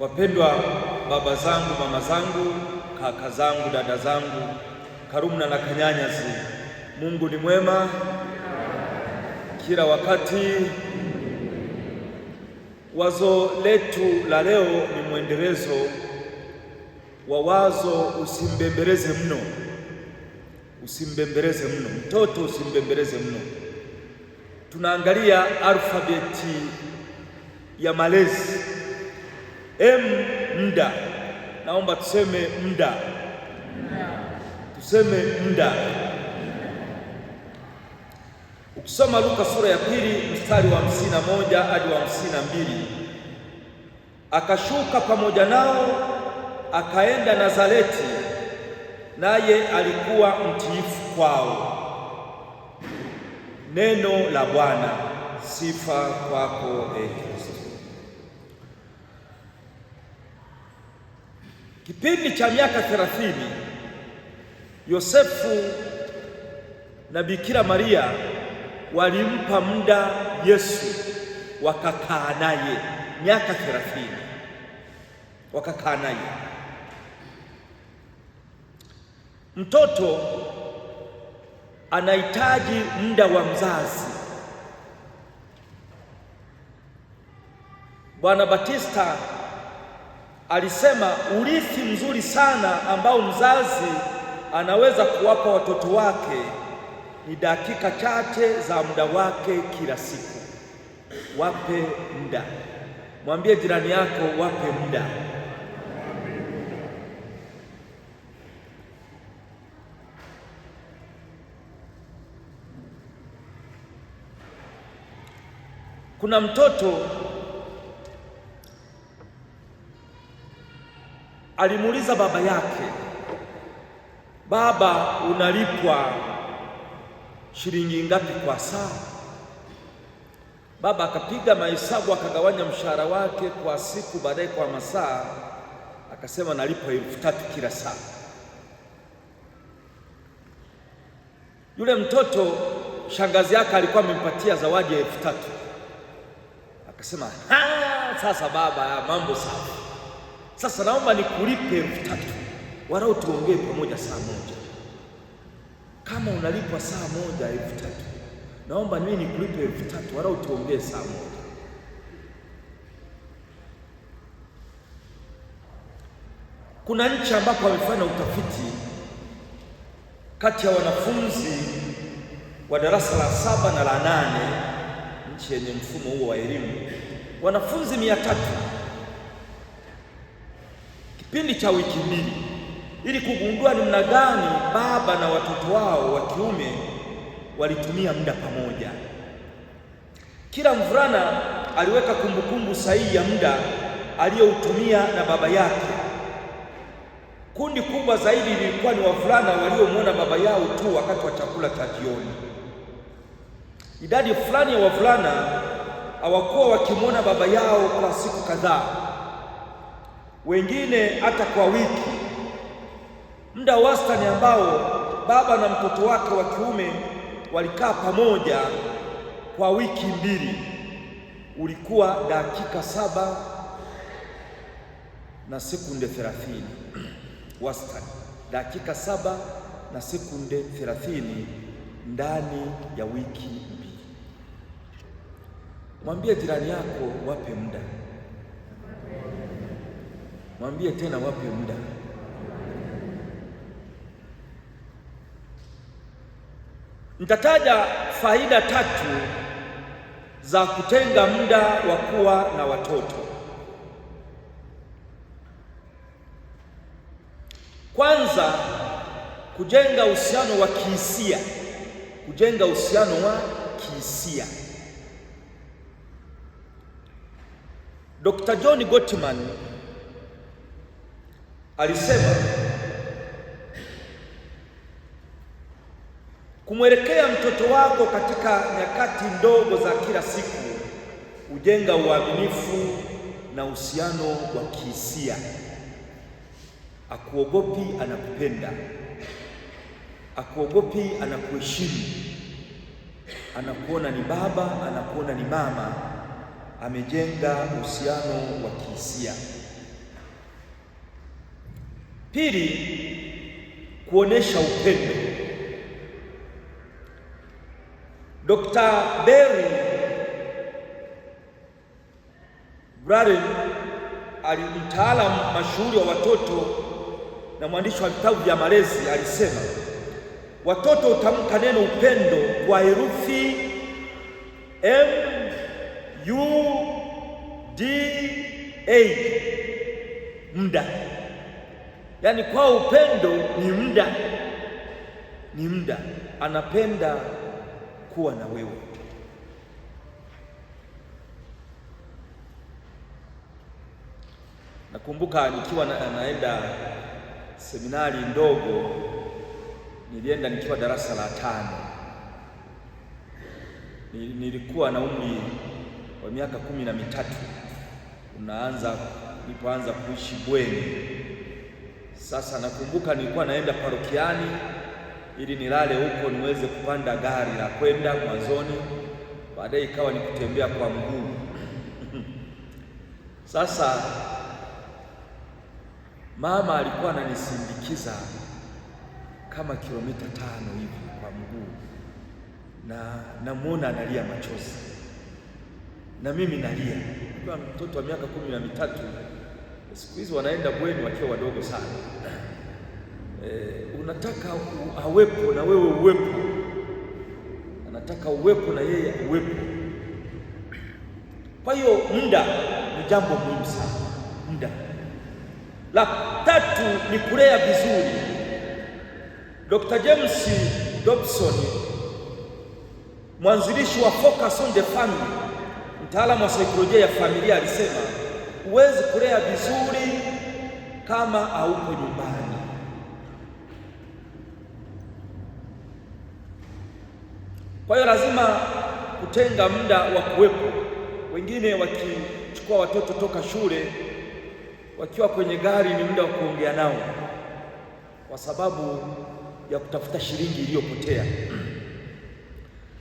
Wapendwa baba zangu, mama zangu, kaka zangu, dada zangu, karumna na kanyanyazi, Mungu ni mwema kila wakati. Wazo letu la leo ni mwendelezo wa wazo usimbembeleze mno, usimbembeleze mno mtoto, usimbembeleze mno. Tunaangalia alfabeti ya malezi M, muda. Naomba tuseme muda, tuseme muda. Ukisoma Luka sura ya pili mstari wa hamsini na moja hadi wa hamsini na mbili akashuka pamoja nao akaenda Nazareti, naye alikuwa mtiifu kwao. Neno la Bwana. Sifa kwako, eh, Kristo. Kipindi cha miaka thelathini Yosefu na Bikira Maria walimpa muda Yesu, wakakaa naye miaka 30, wakakaa naye mtoto anahitaji muda wa mzazi. Bwana Batista alisema urithi mzuri sana ambao mzazi anaweza kuwapa watoto wake ni dakika chache za muda wake kila siku. Wape muda, mwambie jirani yako, wape muda. Kuna mtoto alimuuliza baba yake, baba, unalipwa shilingi ngapi kwa saa? Baba akapiga mahesabu akagawanya mshahara wake kwa siku, baadaye kwa masaa, akasema nalipwa elfu tatu kila saa. Yule mtoto shangazi yake alikuwa amempatia zawadi ya elfu tatu akasema, ha, sasa baba, mambo safi. Sasa naomba nikulipe elfu tatu walau tuongee pamoja saa moja. Kama unalipwa saa moja elfu tatu naomba mimi nikulipe elfu tatu walau tuongee saa moja. Kuna nchi ambapo wamefanya utafiti kati ya wanafunzi wa darasa la saba na la nane, nchi yenye mfumo huo wa elimu, wanafunzi mia tatu kipindi cha wiki mbili ili kugundua namna gani baba na watoto wao wa kiume walitumia muda pamoja. Kila mvulana aliweka kumbukumbu sahihi ya muda aliyoutumia na baba yake. Kundi kubwa zaidi lilikuwa ni wavulana waliomwona baba yao tu wakati wa chakula cha jioni. Idadi fulani ya wavulana hawakuwa wakimwona baba yao kwa siku kadhaa wengine hata kwa wiki, muda wastani ambao baba na mtoto wake wa kiume walikaa pamoja kwa wiki mbili ulikuwa dakika saba na sekunde thelathini wastani, dakika saba na sekunde thelathini ndani ya wiki mbili. Mwambie jirani yako, wape muda mwambie tena wape muda. Nitataja faida tatu za kutenga muda wa kuwa na watoto. Kwanza, kujenga uhusiano wa kihisia, kujenga uhusiano wa kihisia. Dr. John Gottman alisema kumwelekea mtoto wako katika nyakati ndogo za kila siku hujenga uaminifu na uhusiano wa kihisia. Akuogopi, anakupenda. Akuogopi, anakuheshimu. Anakuona ni baba, anakuona ni mama. Amejenga uhusiano wa kihisia. Pili, kuonesha upendo. Dr. Berry Braden ali mtaalamu mashuhuri wa watoto na mwandishi wa vitabu vya malezi alisema, watoto hutamka neno upendo kwa herufi M U D A muda Yaani kwa upendo ni muda, ni muda, anapenda kuwa na wewe. Nakumbuka nikiwa na, naenda seminari ndogo, nilienda nikiwa darasa la tano, nilikuwa na umri wa miaka kumi na mitatu unaanza, nilipoanza kuishi bweni sasa nakumbuka nilikuwa naenda parokiani ili nilale huko niweze kupanda gari la kwenda mwanzoni, baadaye ikawa ni kutembea kwa mguu. Sasa mama alikuwa ananisindikiza kama kilomita tano hivi kwa mguu, na namuona analia machozi na mimi nalia, kwa mtoto wa miaka kumi na mitatu siku hizi wanaenda bweni wakiwa wadogo sana. E, unataka awepo na wewe uwepo, anataka uwepo na yeye uwepo. Kwa hiyo muda ni jambo muhimu sana, muda. La tatu ni kulea vizuri. Dr. James Dobson mwanzilishi wa Focus on the Family, mtaalamu wa saikolojia ya familia alisema Huwezi kulea vizuri kama hauko nyumbani. Kwa hiyo lazima kutenga muda wa kuwepo. Wengine wakichukua watoto toka shule wakiwa kwenye gari, ni muda wa kuongea nao kwa sababu ya kutafuta shilingi iliyopotea.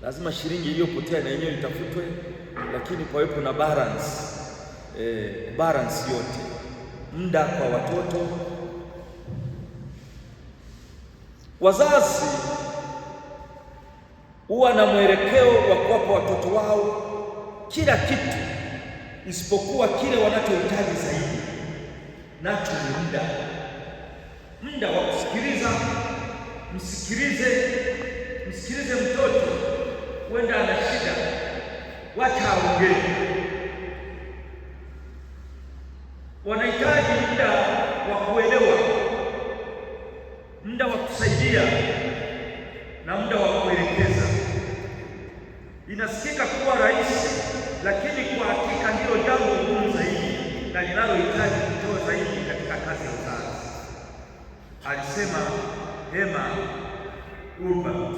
Lazima shilingi iliyopotea na yenyewe itafutwe, lakini pawepo na balance e, balance yote, muda kwa watoto, wazazi huwa na mwelekeo wa kuwapa watoto wao kila kitu isipokuwa kile wanachohitaji zaidi, nacho ni muda, muda wa kusikiliza. Msikilize, msikilize mtoto, huenda ana shida, wacha aongee. wanahitaji muda wa kuelewa, muda wa kusaidia na muda wa kuelekeza. Inasikika kuwa rahisi, lakini kwa hakika ndilo jambo gumu zaidi na linalohitaji kutoa zaidi katika kazi ya uzazi, alisema Hema Urban.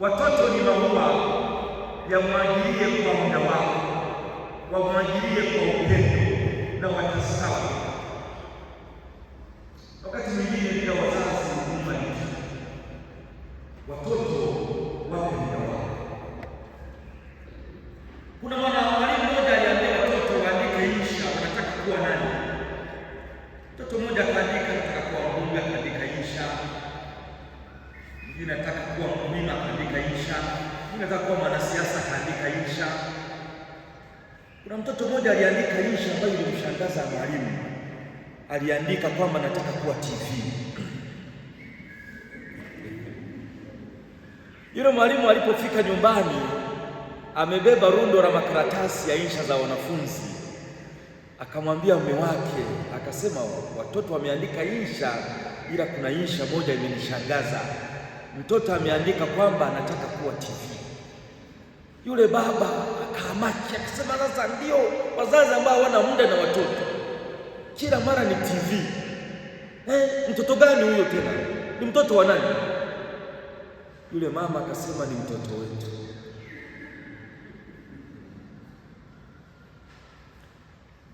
Watoto ni maua, yamwagilie kwa muda wako wamwajilie kwa upendo na watasawa wakati maandishi ambayo ilimshangaza mwalimu, aliandika kwamba nataka kuwa TV. Yule mwalimu alipofika nyumbani amebeba rundo la makaratasi ya insha za wanafunzi, akamwambia mume wake, akasema watoto wameandika insha, ila kuna insha moja imenishangaza. Mtoto ameandika kwamba anataka kuwa TV. Yule baba hamaki, akisema sasa ndio wazazi ambao hawana muda na watoto, kila mara ni TV. Eh, mtoto gani huyo tena? Ni mtoto wa nani? Yule mama akasema ni mtoto wetu.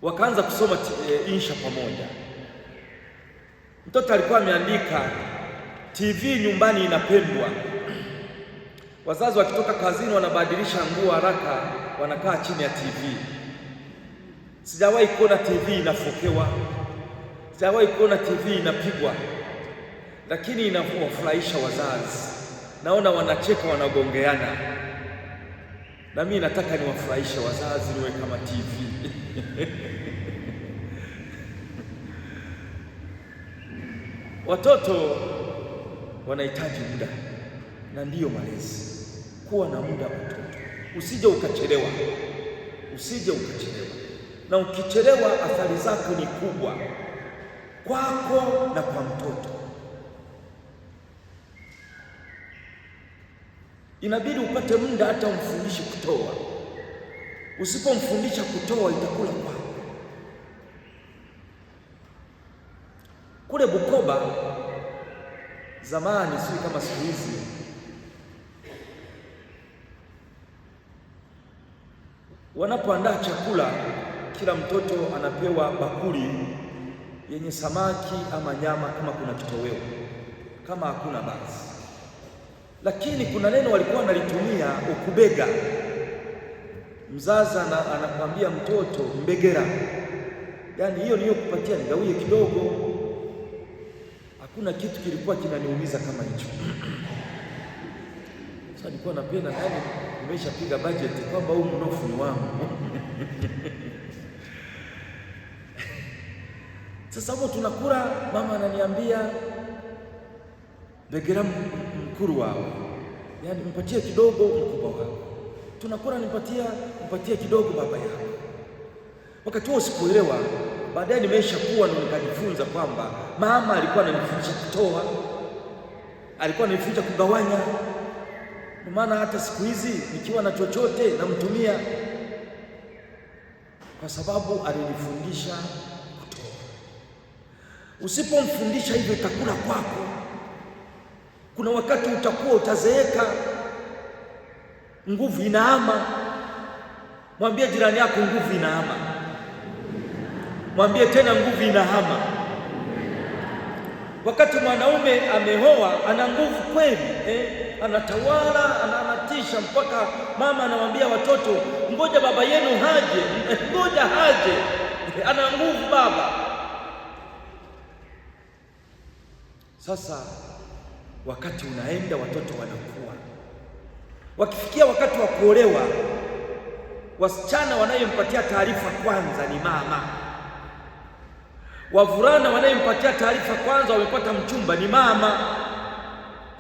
Wakaanza kusoma e, insha pamoja. Mtoto alikuwa ameandika TV nyumbani inapendwa. Wazazi wakitoka kazini wanabadilisha nguo haraka, wanakaa chini ya TV. Sijawahi kuona TV inafokewa, sijawahi kuona TV inapigwa, lakini inawafurahisha wazazi. Naona wanacheka, wanagongeana. Na mimi nataka niwafurahishe wazazi, niwe kama TV watoto wanahitaji muda na ndiyo malezi kuwa na muda mtoto, usije ukachelewa, usije ukachelewa. Na ukichelewa athari zako ni kubwa kwako na kwa mtoto. Inabidi upate muda hata umfundishe kutoa. Usipomfundisha kutoa, itakula kwako. Kule Bukoba zamani, sijui kama siku hizi Wanapoandaa chakula, kila mtoto anapewa bakuli yenye samaki ama nyama, kama kuna kitoweo. Kama hakuna basi. Lakini kuna neno walikuwa wanalitumia ukubega. Mzazi anakwambia mtoto mbegera, yaani hiyo kupatia, nigawie kidogo. Hakuna kitu kilikuwa kinaniumiza kama hicho. Sasa nilikuwa napenda nani, nimeshapiga bajeti kwamba huu mnofu ni wangu. Sasa hapo tunakula, mama ananiambia begera mkuru wao, yaani mpatie kidogo mkubwa wao, tunakula nipatia, mpatie kidogo baba yao. Wakati huo sikuelewa, baadaye nimesha kuwa nikajifunza kwamba mama alikuwa ananifundisha kutoa, alikuwa ananifundisha kugawanya kwa maana hata siku hizi nikiwa na chochote namtumia, kwa sababu alinifundisha kutoa. Usipomfundisha hivyo, utakula kwako. Kuna wakati utakuwa utazeeka, nguvu inaama. Mwambie jirani yako, nguvu inaama. Mwambie tena, nguvu inahama. Wakati mwanaume ameoa ana nguvu kweli eh? anatawala, anaanatisha, mpaka mama anawaambia watoto, ngoja baba yenu haje, ngoja haje, ana nguvu baba. Sasa wakati unaenda, watoto wanakuwa wakifikia wakati wa kuolewa, wasichana wanayempatia taarifa kwanza ni mama. Wavulana wanayempatia taarifa kwanza wamepata mchumba ni mama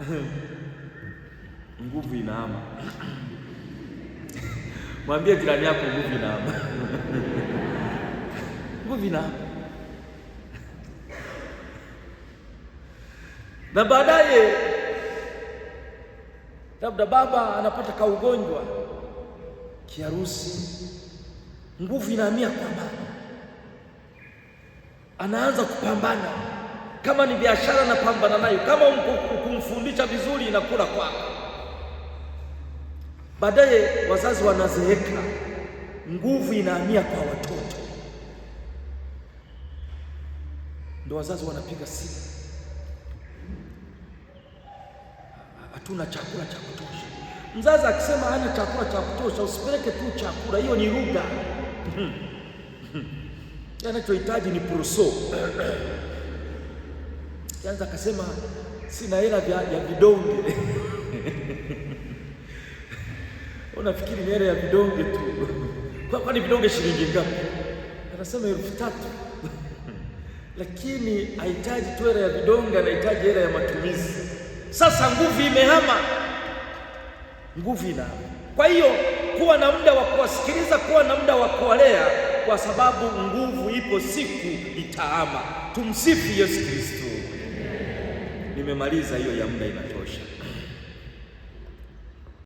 nguvu inaama. Mwambie jirani yako nguvu inaama, nguvu inaama. Na baadaye labda baba anapata kaugonjwa kiharusi, nguvu inaamia kwa anaanza kupambana. Kama ni biashara, anapambana nayo. Kama ukumfundisha vizuri, inakula kwako. Baadaye wazazi wanazeeka, nguvu inahamia kwa watoto, ndo wazazi wanapiga simu, hatuna chakula cha kutosha. Mzazi akisema hana chakula cha kutosha, usipeleke tu chakula, hiyo ni lugha anachohitaji ni proso kianza akasema sina hela ya vidonge nafikiri ni hela ya vidonge tu. Kwa kwani vidonge shilingi ngapi? Anasema elfu tatu lakini hahitaji tu hela ya vidonge, anahitaji hela ya matumizi. Sasa nguvu imehama, nguvu ina. Kwa hiyo kuwa na muda wa kuwasikiliza, kuwa na muda wa kuwalea, kwa sababu nguvu ipo, siku itahama. Tumsifu Yesu Kristo. Nimemaliza hiyo ya muda ina